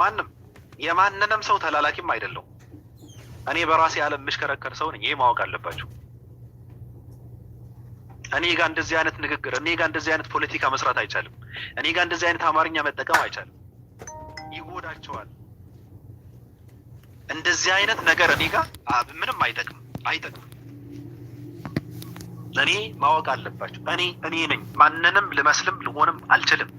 ማንም የማንንም ሰው ተላላኪም አይደለው። እኔ በራሴ ዓለም የምሽከረከር ሰው ነኝ። ይሄ ማወቅ አለባችሁ። እኔ ጋር እንደዚህ አይነት ንግግር፣ እኔ ጋር እንደዚህ አይነት ፖለቲካ መስራት አይቻልም። እኔ ጋር እንደዚህ አይነት አማርኛ መጠቀም አይቻልም። ይጎዳቸዋል። እንደዚህ አይነት ነገር እኔ ጋር ምንም አይጠቅም አይጠቅም። እኔ ማወቅ አለባችሁ። እኔ እኔ ነኝ። ማንንም ልመስልም ልሆንም አልችልም።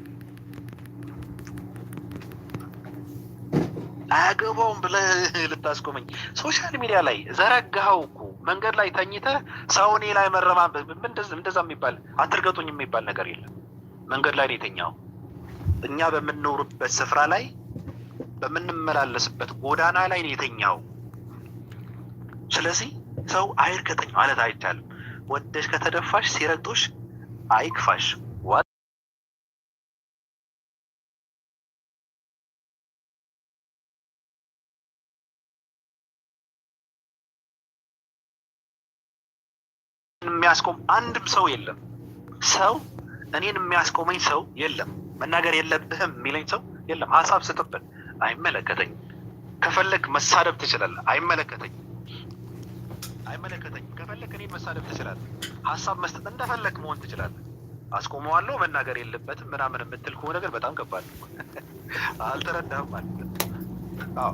አያገባውም ብለህ ልታስቆመኝ ሶሻል ሚዲያ ላይ ዘረጋኸው እኮ መንገድ ላይ ተኝተህ ሰውኔ ላይ መረማ እንደዛ የሚባል አትርገጡኝ የሚባል ነገር የለም። መንገድ ላይ ነው የተኛኸው። እኛ በምንኖርበት ስፍራ ላይ በምንመላለስበት ጎዳና ላይ ነው የተኛው። ስለዚህ ሰው አይርገጠኝ ማለት አይቻልም። ወደሽ ከተደፋሽ ሲረግጦሽ አይክፋሽ። የሚያስቆም አንድም ሰው የለም። ሰው እኔን የሚያስቆመኝ ሰው የለም። መናገር የለብህም የሚለኝ ሰው የለም። ሀሳብ ስጥብን፣ አይመለከተኝም። ከፈለግ መሳደብ ትችላለህ፣ አይመለከተኝም አይመለከተኝም። ከፈለግ እኔን መሳደብ ትችላለህ፣ ሀሳብ መስጠት እንደፈለግ መሆን ትችላለህ። አስቆመዋለሁ፣ መናገር የለበትም ምናምን የምትል ከሆነ ግን በጣም ከባድ ነው። አልተረዳህም ማለት ነው።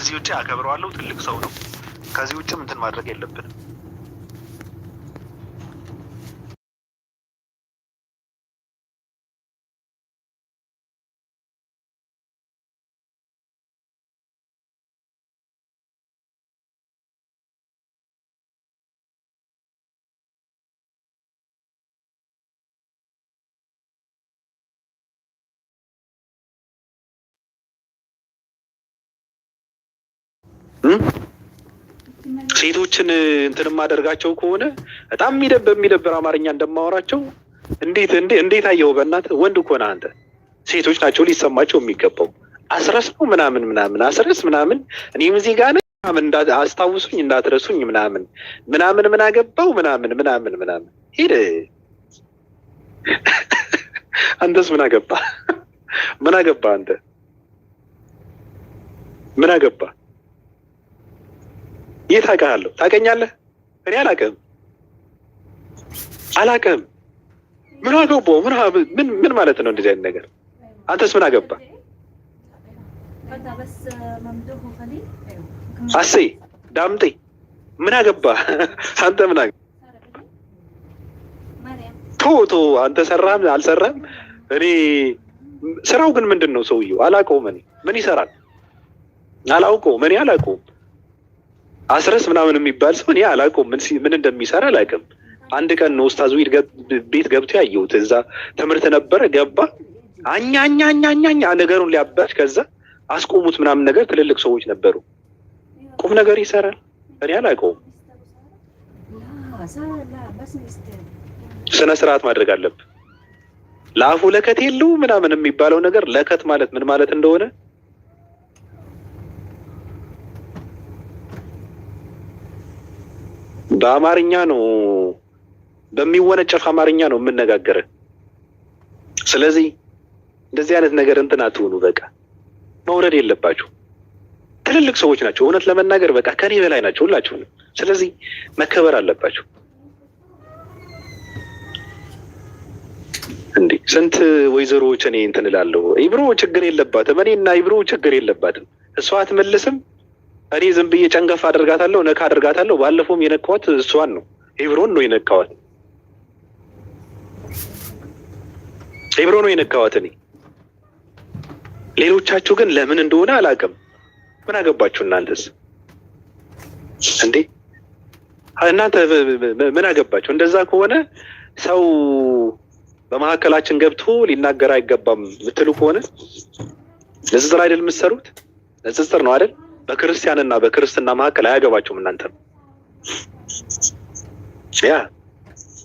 ከዚህ ውጭ አከብረዋለሁ። ትልቅ ሰው ነው። ከዚህ ውጭም እንትን ማድረግ የለብንም። ሴቶችን እንትን የማደርጋቸው ከሆነ በጣም የሚደብ የሚደብር አማርኛ እንደማወራቸው እንዴት እንዴት አየው በእናትህ ወንድ እኮ ነህ አንተ። ሴቶች ናቸው ሊሰማቸው የሚገባው አስረስ ነው ምናምን ምናምን አስረስ ምናምን እኔም እዚህ ጋር ምናምን አስታውሱኝ እንዳትረሱኝ ምናምን ምናምን ምን አገባው ምናምን ምናምን ምናምን ሄደ። አንተስ ምን አገባ ምን አገባ አንተ ምን አገባ የት አውቅሃለሁ? ታገኛለህ? እኔ አላውቅህም አላውቅህም። ምን አገባው? ምን ምን ማለት ነው እንደዚህ አይነት ነገር? አንተስ ምን አገባ? አሴ ዳምጤ ምን አገባ? አንተ ምን አገባ? ቶ ቶ አንተ ሰራህም አልሰራህም እኔ ስራው ግን ምንድን ነው? ሰውየው አላውቀውም። እኔ ምን ይሰራል አላውቀውም። እኔ አላውቀውም። አስረስ ምናምን የሚባል ሰው እኔ አላውቀውም፣ ምን እንደሚሰራ አላውቅም። አንድ ቀን ነው ኡስታዝ ዊድ ቤት ገብቶ ያየሁት። እዛ ትምህርት ነበረ፣ ገባ አኛኛኛኛኛ ነገሩን ሊያባች፣ ከዛ አስቆሙት ምናምን ነገር። ትልልቅ ሰዎች ነበሩ። ቁም ነገር ይሰራል። እኔ አላውቀውም። ስነ ስርዓት ማድረግ አለብን። ለአፉ ለከት የለው ምናምን የሚባለው ነገር ለከት ማለት ምን ማለት እንደሆነ በአማርኛ ነው በሚወነጨፍ አማርኛ ነው የምነጋገረ። ስለዚህ እንደዚህ አይነት ነገር እንትን አትሆኑ። በቃ መውረድ የለባችሁ። ትልልቅ ሰዎች ናቸው። እውነት ለመናገር በቃ ከኔ በላይ ናቸው ሁላችሁ። ስለዚህ መከበር አለባችሁ። እንዴ ስንት ወይዘሮዎች እኔ እንትን እላለሁ። ኢብሮ ችግር የለባትም። እኔና ኢብሮ ችግር የለባትም። እሷ አትመልስም እኔ ዝም ብዬ ጨንገፍ አደርጋታለሁ፣ ነካ አድርጋታለሁ ባለፈውም የነካዋት እሷን ነው፣ ሄብሮን ነው የነካዋት፣ ሄብሮ ነው የነካዋት። እኔ ሌሎቻችሁ ግን ለምን እንደሆነ አላውቅም። ምን አገባችሁ እናንተስ እንዴ? እናንተ ምን አገባችሁ? እንደዛ ከሆነ ሰው በመካከላችን ገብቶ ሊናገር አይገባም ምትሉ ከሆነ ንጽጽር አይደል የምትሰሩት? ንጽጽር ነው አይደል? በክርስቲያንና በክርስትና መካከል አያገባቸውም። እናንተ ያ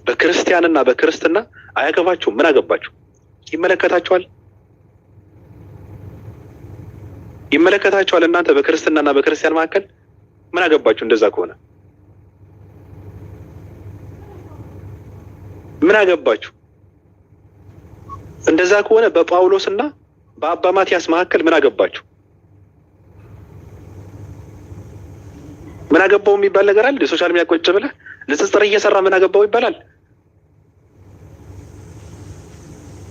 በክርስቲያንና በክርስትና አያገባቸውም። ምን አገባቸው? ይመለከታቸዋል ይመለከታቸዋል። እናንተ በክርስትናና በክርስቲያን መካከል ምን አገባችሁ? እንደዛ ከሆነ ምን አገባችሁ? እንደዛ ከሆነ በጳውሎስና በአባ ማቲያስ መካከል ምን አገባችሁ? ምን አገባው የሚባል ነገር አለ? ሶሻል ሚዲያ ቁጭ ብለ ንጽጽር እየሰራ ምን አገባው ይባላል?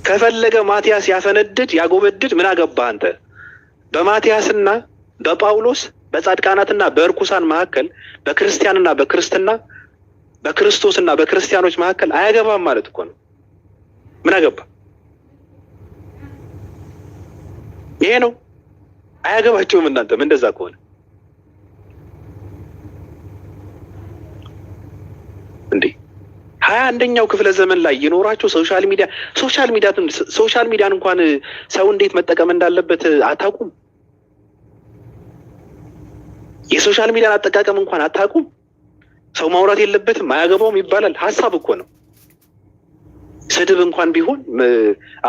ከፈለገ ማቲያስ ያፈነድድ ያጎበድድ፣ ምን አገባ አንተ? በማቲያስና በጳውሎስ በጻድቃናትና በእርኩሳን መካከል በክርስቲያንና በክርስትና በክርስቶስና በክርስቲያኖች መካከል አያገባም ማለት እኮ ነው። ምን አገባ? ይሄ ነው። አያገባቸውም እናንተም እንደዛ ከሆነ እንዴ ሀያ አንደኛው ክፍለ ዘመን ላይ የኖራቸው ሶሻል ሚዲያ ሶሻል ሚዲያ ሶሻል ሚዲያን እንኳን ሰው እንዴት መጠቀም እንዳለበት አታውቁም። የሶሻል ሚዲያን አጠቃቀም እንኳን አታውቁም። ሰው ማውራት የለበትም አያገባውም ይባላል። ሀሳብ እኮ ነው። ስድብ እንኳን ቢሆን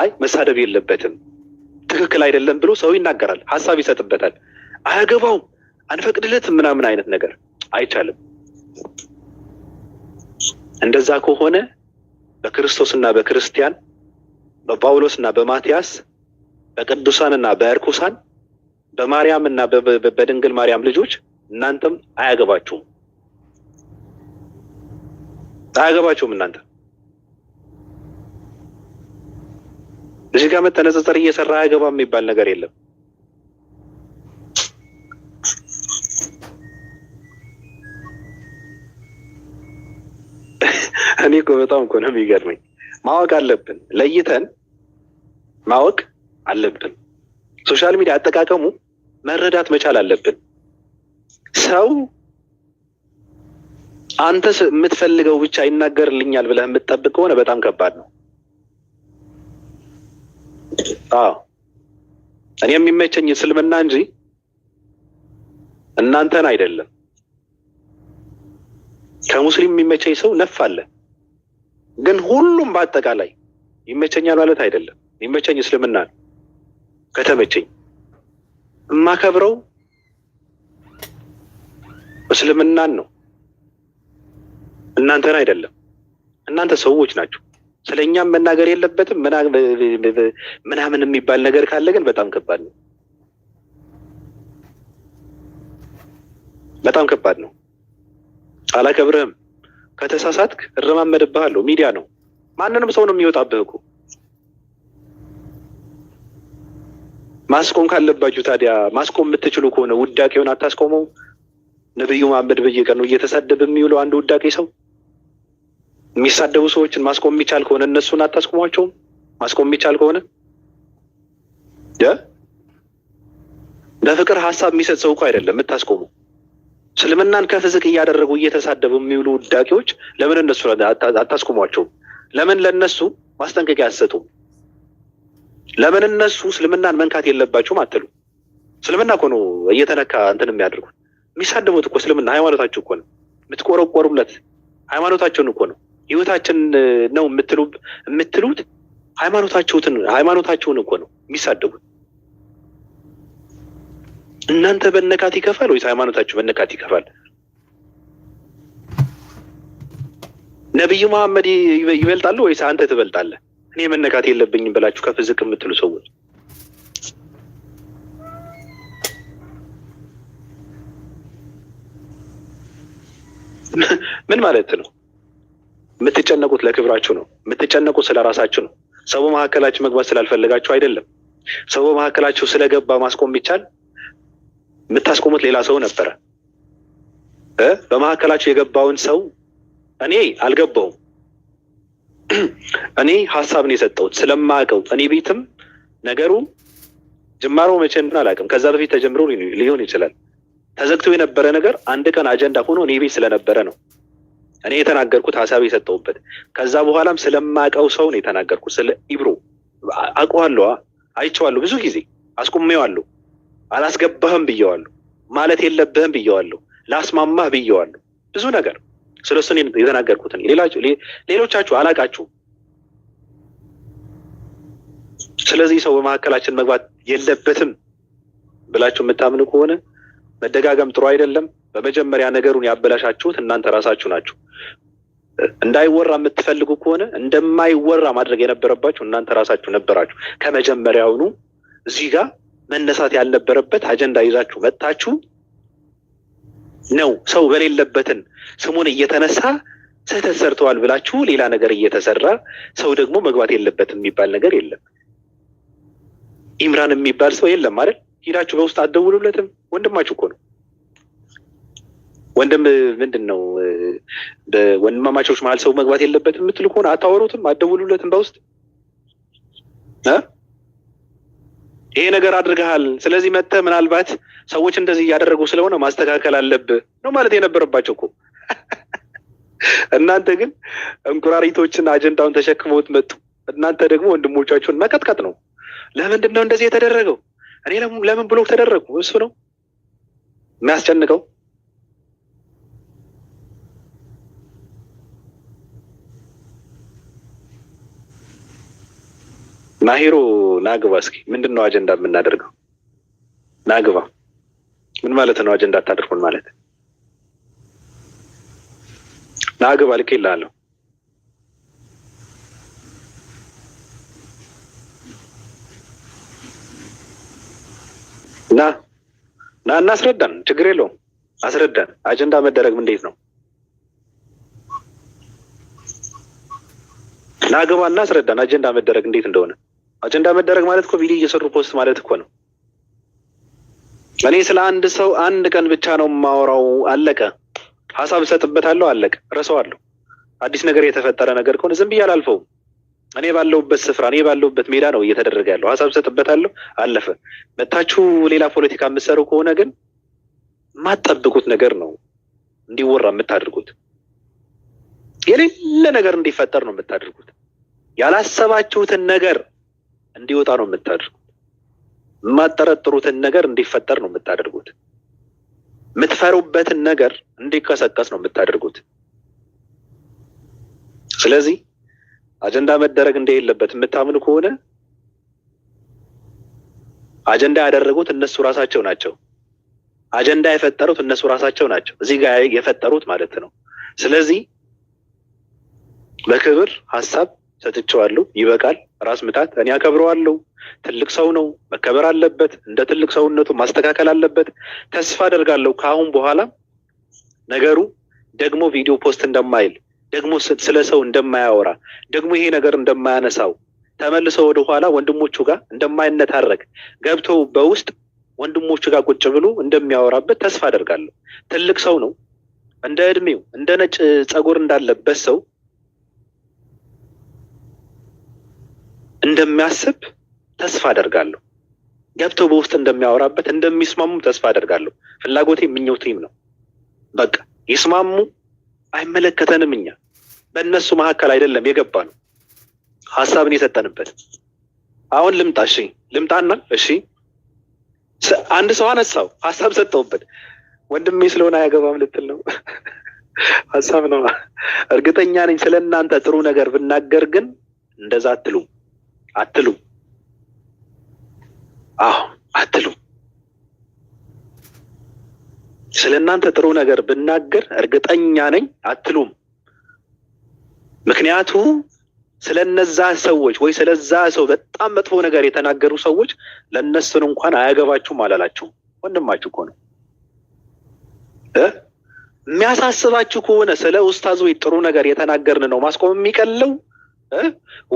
አይ መሳደብ የለበትም ትክክል አይደለም ብሎ ሰው ይናገራል፣ ሀሳብ ይሰጥበታል። አያገባውም፣ አንፈቅድለት ምናምን አይነት ነገር አይቻልም። እንደዛ ከሆነ በክርስቶስና በክርስቲያን በጳውሎስና በማትያስ በቅዱሳንና በእርኩሳን በማርያምና በድንግል ማርያም ልጆች እናንተም አያገባችሁም አያገባችሁም እናንተ እዚህ ጋር መተነጸጸር እየሰራ አያገባም የሚባል ነገር የለም። በጣም እኮ ነው የሚገርመኝ። ማወቅ አለብን፣ ለይተን ማወቅ አለብን። ሶሻል ሚዲያ አጠቃቀሙ መረዳት መቻል አለብን። ሰው አንተ የምትፈልገው ብቻ ይናገርልኛል ብለህ የምትጠብቅ ከሆነ በጣም ከባድ ነው። አዎ እኔ የሚመቸኝ እስልምና እንጂ እናንተን አይደለም። ከሙስሊም የሚመቸኝ ሰው ነፍ አለ። ግን ሁሉም በአጠቃላይ ይመቸኛል ማለት አይደለም። ይመቸኝ እስልምና ነው። ከተመቸኝ የማከብረው እስልምናን ነው፣ እናንተን አይደለም። እናንተ ሰዎች ናቸው። ስለ እኛም መናገር የለበትም ምናምን የሚባል ነገር ካለ ግን በጣም ከባድ ነው። በጣም ከባድ ነው። አላከብርህም ከተሳሳትክ እረማመድብሃለሁ። ሚዲያ ነው፣ ማንንም ሰው ነው የሚወጣብህ እኮ። ማስቆም ካለባችሁ ታዲያ ማስቆም የምትችሉ ከሆነ ውዳቄውን አታስቆመው። ነብዩ መሐመድ በየቀኑ እየተሳደበ የሚውለው አንድ ውዳቄ ሰው የሚሳደቡ ሰዎችን ማስቆም የሚቻል ከሆነ እነሱን አታስቆሟቸውም። ማስቆም የሚቻል ከሆነ በፍቅር ሀሳብ የሚሰጥ ሰው እኮ አይደለም የምታስቆመው። እስልምናን ከፍዝቅ እያደረጉ እየተሳደቡ የሚውሉ ውዳቂዎች ለምን እነሱ አታስቆሟቸውም? ለምን ለነሱ ማስጠንቀቂያ አትሰጡም? ለምን እነሱ እስልምናን መንካት የለባቸውም አትሉ? እስልምና እኮ ነው እየተነካ እንትን የሚያደርጉት የሚሳደቡት እኮ እስልምና ሃይማኖታቸው እኮ ነው የምትቆረቆሩለት ሃይማኖታቸውን እኮ ነው ህይወታችን ነው የምትሉት ሃይማኖታቸውን እኮ ነው የሚሳደቡት። እናንተ በነካት ይከፋል ወይስ ሃይማኖታችሁ በነካት ይከፋል? ነቢዩ መሐመድ ይበልጣሉ ወይስ አንተ ትበልጣለህ? እኔ መነካት የለብኝም ብላችሁ ከፍ ዝቅ የምትሉ ሰዎች ምን ማለት ነው? የምትጨነቁት ለክብራችሁ ነው። የምትጨነቁት ስለ ራሳችሁ ነው። ሰው በመካከላችሁ መግባት ስላልፈለጋችሁ አይደለም። ሰው በመካከላችሁ ስለገባ ማስቆም ይቻል የምታስቆሙት ሌላ ሰው ነበረ። በመካከላችሁ የገባውን ሰው እኔ አልገባውም። እኔ ሀሳብን የሰጠሁት ስለማውቀው እኔ ቤትም ነገሩ ጅማሮ መቼ እንደሆነ አላውቅም። ከዛ በፊት ተጀምሮ ሊሆን ይችላል። ተዘግቶ የነበረ ነገር አንድ ቀን አጀንዳ ሆኖ እኔ ቤት ስለነበረ ነው እኔ የተናገርኩት ሀሳብ የሰጠሁበት። ከዛ በኋላም ስለማውቀው ሰው ነው የተናገርኩት። ስለ ኢብሮ አውቀዋለሁ፣ አይቼዋለሁ፣ ብዙ ጊዜ አስቁሜዋለሁ። አላስገባህም ብየዋለሁ፣ ማለት የለብህም ብየዋለሁ፣ ላስማማህ ብየዋለሁ። ብዙ ነገር ስለ እሱን የተናገርኩትን ሌሎቻችሁ አላቃችሁ። ስለዚህ ሰው በመካከላችን መግባት የለበትም ብላችሁ የምታምኑ ከሆነ መደጋገም ጥሩ አይደለም። በመጀመሪያ ነገሩን ያበላሻችሁት እናንተ ራሳችሁ ናችሁ። እንዳይወራ የምትፈልጉ ከሆነ እንደማይወራ ማድረግ የነበረባችሁ እናንተ ራሳችሁ ነበራችሁ ከመጀመሪያውኑ እዚህ ጋር መነሳት ያልነበረበት አጀንዳ ይዛችሁ መጥታችሁ ነው ሰው በሌለበትን ስሙን እየተነሳ ስህተት ሰርተዋል ብላችሁ ሌላ ነገር እየተሰራ ሰው ደግሞ መግባት የለበትም የሚባል ነገር የለም። ኢምራን የሚባል ሰው የለም አይደል? ሂዳችሁ በውስጥ አትደውሉለትም። ወንድማችሁ እኮ ነው። ወንድም ምንድን ነው? በወንድማማቾች መሀል ሰው መግባት የለበትም የምትል ከሆነ አታወሩትም፣ አትደውሉለትም በውስጥ ይሄ ነገር አድርገሃል፣ ስለዚህ መተ ምናልባት ሰዎች እንደዚህ እያደረጉ ስለሆነ ማስተካከል አለብህ ነው ማለት የነበረባቸው እኮ። እናንተ ግን እንቁራሪቶችን አጀንዳውን ተሸክመውት መጡ። እናንተ ደግሞ ወንድሞቻችሁን መቀጥቀጥ ነው። ለምንድን ነው እንደዚህ የተደረገው? እኔ ለምን ብሎክ ተደረጉ? እሱ ነው የሚያስጨንቀው። ናሂሮ ናግባ፣ እስኪ ምንድን ነው አጀንዳ የምናደርገው? ናግባ ምን ማለት ነው? አጀንዳ አታደርጉን ማለት ናግባ፣ ልክ ይላለሁ። እና እና እናስረዳን፣ ችግር የለውም አስረዳን። አጀንዳ መደረግ እንዴት ነው? ናግባ፣ እናስረዳን አጀንዳ መደረግ እንዴት እንደሆነ አጀንዳ መደረግ ማለት እኮ ቪዲዮ እየሰሩ ፖስት ማለት እኮ ነው። እኔ ስለ አንድ ሰው አንድ ቀን ብቻ ነው የማወራው፣ አለቀ። ሀሳብ እሰጥበታለሁ፣ አለቀ። አለው አዲስ ነገር የተፈጠረ ነገር ከሆነ ዝም ብዬ አላልፈውም። እኔ ባለሁበት ስፍራ እኔ ባለሁበት ሜዳ ነው እየተደረገ ያለው። ሀሳብ እሰጥበታለሁ፣ አለፈ። መታችሁ ሌላ ፖለቲካ የምትሰሩ ከሆነ ግን የማትጠብቁት ነገር ነው እንዲወራ የምታደርጉት። የሌለ ነገር እንዲፈጠር ነው የምታደርጉት። ያላሰባችሁትን ነገር እንዲወጣ ነው የምታደርጉት። የማጠረጥሩትን ነገር እንዲፈጠር ነው የምታደርጉት። የምትፈሩበትን ነገር እንዲቀሰቀስ ነው የምታደርጉት። ስለዚህ አጀንዳ መደረግ እንደሌለበት የምታምኑ ከሆነ አጀንዳ ያደረጉት እነሱ ራሳቸው ናቸው። አጀንዳ የፈጠሩት እነሱ ራሳቸው ናቸው። እዚህ ጋር የፈጠሩት ማለት ነው። ስለዚህ በክብር ሀሳብ ሰጥቼዋለሁ። ይበቃል። ራስ ምታት እኔ አከብረዋለሁ። ትልቅ ሰው ነው፣ መከበር አለበት። እንደ ትልቅ ሰውነቱ ማስተካከል አለበት። ተስፋ አደርጋለሁ ከአሁን በኋላ ነገሩ ደግሞ ቪዲዮ ፖስት እንደማይል ደግሞ ስለ ሰው እንደማያወራ ደግሞ ይሄ ነገር እንደማያነሳው ተመልሶ ወደኋላ ወንድሞቹ ጋር እንደማይነታረክ ገብቶ በውስጥ ወንድሞቹ ጋር ቁጭ ብሎ እንደሚያወራበት ተስፋ አደርጋለሁ። ትልቅ ሰው ነው። እንደ እድሜው እንደ ነጭ ጸጉር እንዳለበት ሰው እንደሚያስብ ተስፋ አደርጋለሁ። ገብተው በውስጥ እንደሚያወራበት እንደሚስማሙ ተስፋ አደርጋለሁ። ፍላጎቴ ምኞቴም ነው። በቃ ይስማሙ። አይመለከተንም። እኛ በእነሱ መካከል አይደለም የገባ ነው ሀሳብን የሰጠንበት። አሁን ልምጣ፣ እሺ ልምጣና፣ እሺ አንድ ሰው አነሳው፣ ሀሳብ ሰጠውበት። ወንድሜ ስለሆነ አያገባም ልትል ነው ሀሳብ ነው። እርግጠኛ ነኝ ስለ እናንተ ጥሩ ነገር ብናገር ግን እንደዛ አትሉም። አትሉ አዎ አትሉ ስለ እናንተ ጥሩ ነገር ብናገር እርግጠኛ ነኝ አትሉም። ምክንያቱ ስለ እነዛ ሰዎች ወይ ስለዛ ሰው በጣም መጥፎ ነገር የተናገሩ ሰዎች ለእነሱን እንኳን አያገባችሁም አላላችሁም። ወንድማችሁ እኮ ነው። የሚያሳስባችሁ ከሆነ ስለ ውስታዝ ወይ ጥሩ ነገር የተናገርን ነው ማስቆም የሚቀለው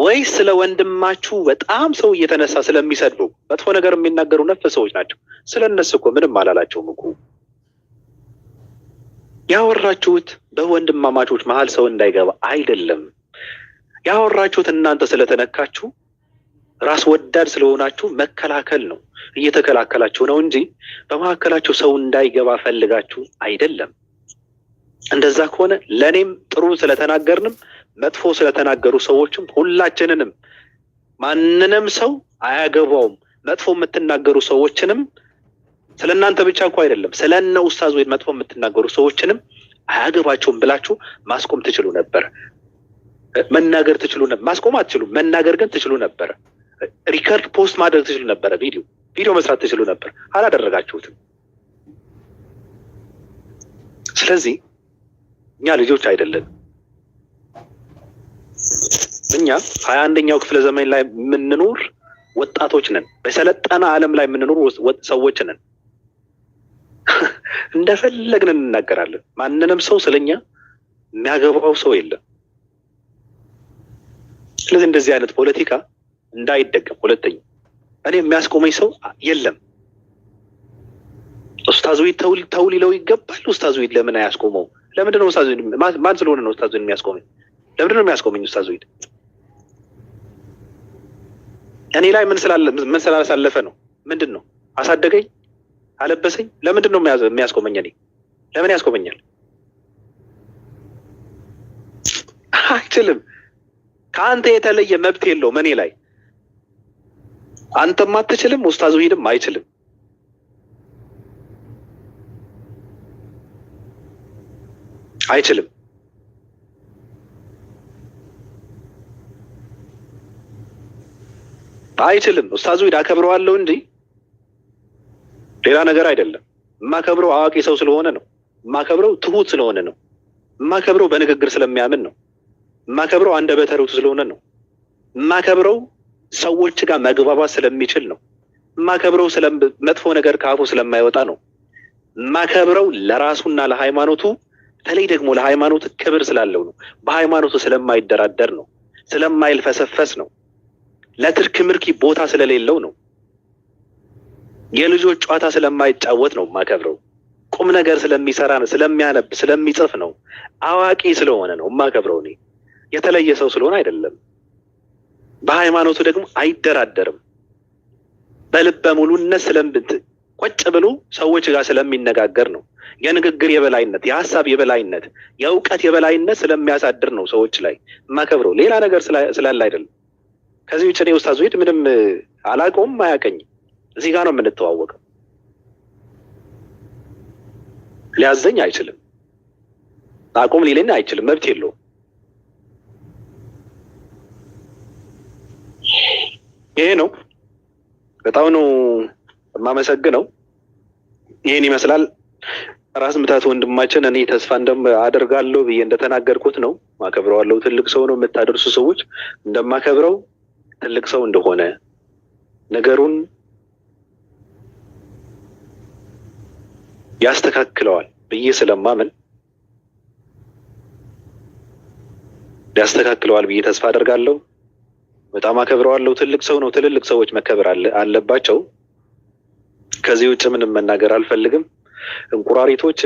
ወይስ ስለ ወንድማችሁ በጣም ሰው እየተነሳ ስለሚሰድቡ መጥፎ ነገር የሚናገሩ ነፍ ሰዎች ናቸው። ስለ እነሱ እኮ ምንም አላላቸውም እኮ ያወራችሁት በወንድማማቾች መሀል ሰው እንዳይገባ አይደለም ያወራችሁት። እናንተ ስለተነካችሁ ራስ ወዳድ ስለሆናችሁ መከላከል ነው። እየተከላከላችሁ ነው እንጂ በመካከላችሁ ሰው እንዳይገባ ፈልጋችሁ አይደለም። እንደዛ ከሆነ ለእኔም ጥሩ ስለተናገርንም መጥፎ ስለተናገሩ ሰዎችም ሁላችንንም ማንንም ሰው አያገባውም። መጥፎ የምትናገሩ ሰዎችንም ስለ እናንተ ብቻ እንኳ አይደለም ስለ እነ ኡስታዝ መጥፎ የምትናገሩ ሰዎችንም አያገባቸውም ብላችሁ ማስቆም ትችሉ ነበር። መናገር ትችሉ ነበር። ማስቆም አትችሉም። መናገር ግን ትችሉ ነበር። ሪከርድ ፖስት ማድረግ ትችሉ ነበረ። ቪዲዮ ቪዲዮ መስራት ትችሉ ነበር። አላደረጋችሁትም። ስለዚህ እኛ ልጆች አይደለንም። እኛ ሀያ አንደኛው ክፍለ ዘመን ላይ የምንኖር ወጣቶች ነን። በሰለጠነ ዓለም ላይ የምንኖር ሰዎች ነን። እንደፈለግን እንናገራለን። ማንንም ሰው ስለኛ የሚያገባው ሰው የለም። ስለዚህ እንደዚህ አይነት ፖለቲካ እንዳይደገም፣ ሁለተኛ እኔ የሚያስቆመኝ ሰው የለም። ኡስታዝ ተው ሊለው ይገባል። ኡስታዝ ለምን አያስቆመው? ለምንድነው ኡስታዝ ማን ስለሆነ ነው ኡስታዝ የሚያስቆመኝ? ለምንድነው የሚያስቆመኝ ኡስታዝ እኔ ላይ ምን ስላሳለፈ ነው? ምንድን ነው አሳደገኝ፣ አለበሰኝ? ለምንድን ነው የሚያስቆመኝ? እኔ ለምን ያስቆመኛል? አይችልም። ከአንተ የተለየ መብት የለውም እኔ ላይ። አንተም አትችልም፣ ኡስታዝ ውሂድም አይችልም። አይችልም። አይችልም። ኡስታዙ ዊድ አከብረዋለሁ እንጂ ሌላ ነገር አይደለም። የማከብረው አዋቂ ሰው ስለሆነ ነው። የማከብረው ትሁት ስለሆነ ነው። የማከብረው በንግግር ስለሚያምን ነው። የማከብረው አንደበተ ርቱዕ ስለሆነ ነው። የማከብረው ሰዎች ጋር መግባባት ስለሚችል ነው። የማከብረው መጥፎ ነገር ከአፉ ስለማይወጣ ነው። የማከብረው ለራሱና ለሃይማኖቱ በተለይ ደግሞ ለሃይማኖት ክብር ስላለው ነው። በሃይማኖቱ ስለማይደራደር ነው። ስለማይልፈሰፈስ ነው። ለትርክ ምርኪ ቦታ ስለሌለው ነው። የልጆች ጨዋታ ስለማይጫወት ነው የማከብረው። ቁም ነገር ስለሚሰራ ነው፣ ስለሚያነብ፣ ስለሚጽፍ ነው፣ አዋቂ ስለሆነ ነው የማከብረው። እኔ የተለየ ሰው ስለሆነ አይደለም። በሃይማኖቱ ደግሞ አይደራደርም። በልበ ሙሉነት ስለምት ቁጭ ብሎ ሰዎች ጋር ስለሚነጋገር ነው። የንግግር የበላይነት፣ የሀሳብ የበላይነት፣ የእውቀት የበላይነት ስለሚያሳድር ነው ሰዎች ላይ የማከብረው ሌላ ነገር ስላለ አይደለም። ከዚህ ውጭ እኔ ኡስታዝ ዙሄድ ምንም አላውቀውም፣ አያውቀኝም። እዚህ ጋር ነው የምንተዋወቀው። ሊያዘኝ አይችልም፣ አቁም ሊለኝ አይችልም፣ መብት የለውም። ይሄ ነው። በጣም ነው የማመሰግነው። ይህን ይመስላል። ራስ ምታት ወንድማችን እኔ ተስፋ እንደም አደርጋለሁ ብዬ እንደተናገርኩት ነው። ማከብረዋለሁ። ትልቅ ሰው ነው። የምታደርሱ ሰዎች እንደማከብረው ትልቅ ሰው እንደሆነ ነገሩን ያስተካክለዋል ብዬ ስለማምን ያስተካክለዋል ብዬ ተስፋ አደርጋለሁ። በጣም አከብረዋለሁ። ትልቅ ሰው ነው። ትልልቅ ሰዎች መከበር አለባቸው። ከዚህ ውጭ ምንም መናገር አልፈልግም። እንቁራሪቶች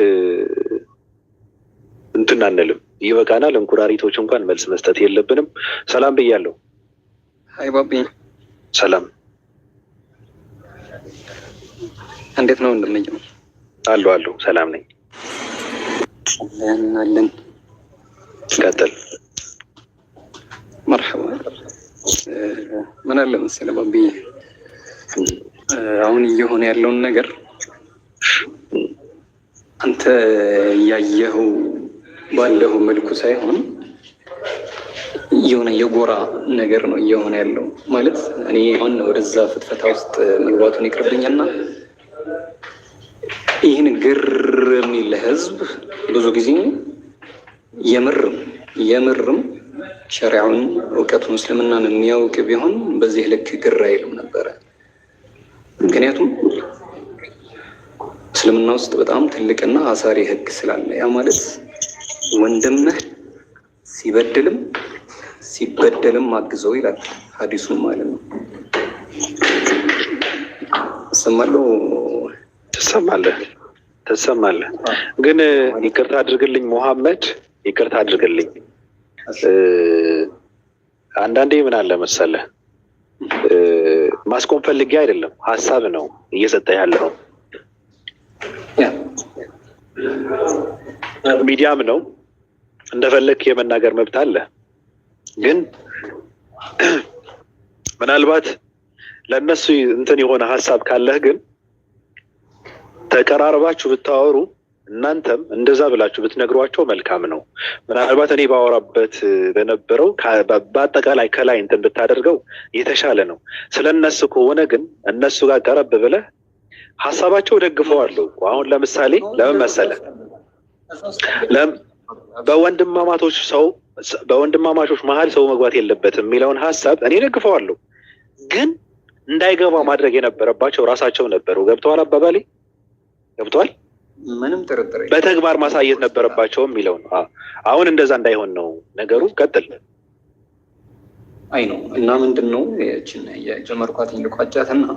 እንትን አንልም፣ ይበቃናል። እንቁራሪቶች እንኳን መልስ መስጠት የለብንም። ሰላም ብያለሁ። አይባቤ ሰላም፣ እንዴት ነው እንደምነው? አሉ አሉ፣ ሰላም ነኝ። አለን ቀጥል። መርሐባ። ምን አለ መሰለህ ባቢ፣ አሁን እየሆነ ያለውን ነገር አንተ እያየኸው ባለው መልኩ ሳይሆን የሆነ የጎራ ነገር ነው እየሆነ ያለው ማለት እኔ አሁን ወደዛ ፍትፈታ ውስጥ መግባቱን ይቅርብኛና ይህን ግር የሚል ህዝብ ብዙ ጊዜ የምርም የምርም ሸሪያውን እውቀቱን እስልምናን የሚያውቅ ቢሆን በዚህ ልክ ግር አይልም ነበረ። ምክንያቱም እስልምና ውስጥ በጣም ትልቅና አሳሪ ህግ ስላለ ያ ማለት ወንድምህ ሲበድልም ሲበደልም አግዘው ይላል ሀዲሱ ማለት ነው። እሰማለሁ። ትሰማለህ ትሰማለህ። ግን ይቅርታ አድርግልኝ ሙሐመድ፣ ይቅርታ አድርግልኝ። አንዳንዴ ምን አለ መሰለህ ማስቆም ፈልጌ አይደለም፣ ሀሳብ ነው እየሰጠ ያለው ሚዲያም ነው እንደፈለግ የመናገር መብት አለ። ግን ምናልባት ለእነሱ እንትን የሆነ ሀሳብ ካለህ ግን ተቀራርባችሁ ብታወሩ እናንተም እንደዛ ብላችሁ ብትነግሯቸው መልካም ነው። ምናልባት እኔ ባወራበት በነበረው በአጠቃላይ ከላይ እንትን ብታደርገው የተሻለ ነው። ስለ እነሱ ከሆነ ግን እነሱ ጋር ቀረብ ብለህ ሀሳባቸው ደግፈዋለሁ። አሁን ለምሳሌ ለምን መሰለህ በወንድማማቶች ሰው በወንድማማቾች መሀል ሰው መግባት የለበትም የሚለውን ሀሳብ እኔ ደግፈዋለሁ። ግን እንዳይገባ ማድረግ የነበረባቸው ራሳቸው ነበሩ። ገብተዋል፣ አባባሌ ገብተዋል። ምንም ጥርጥር በተግባር ማሳየት ነበረባቸው የሚለው ነው። አሁን እንደዛ እንዳይሆን ነው ነገሩ። ቀጥል። አይ ነው እና ምንድን ነው ችን ልቋጫትና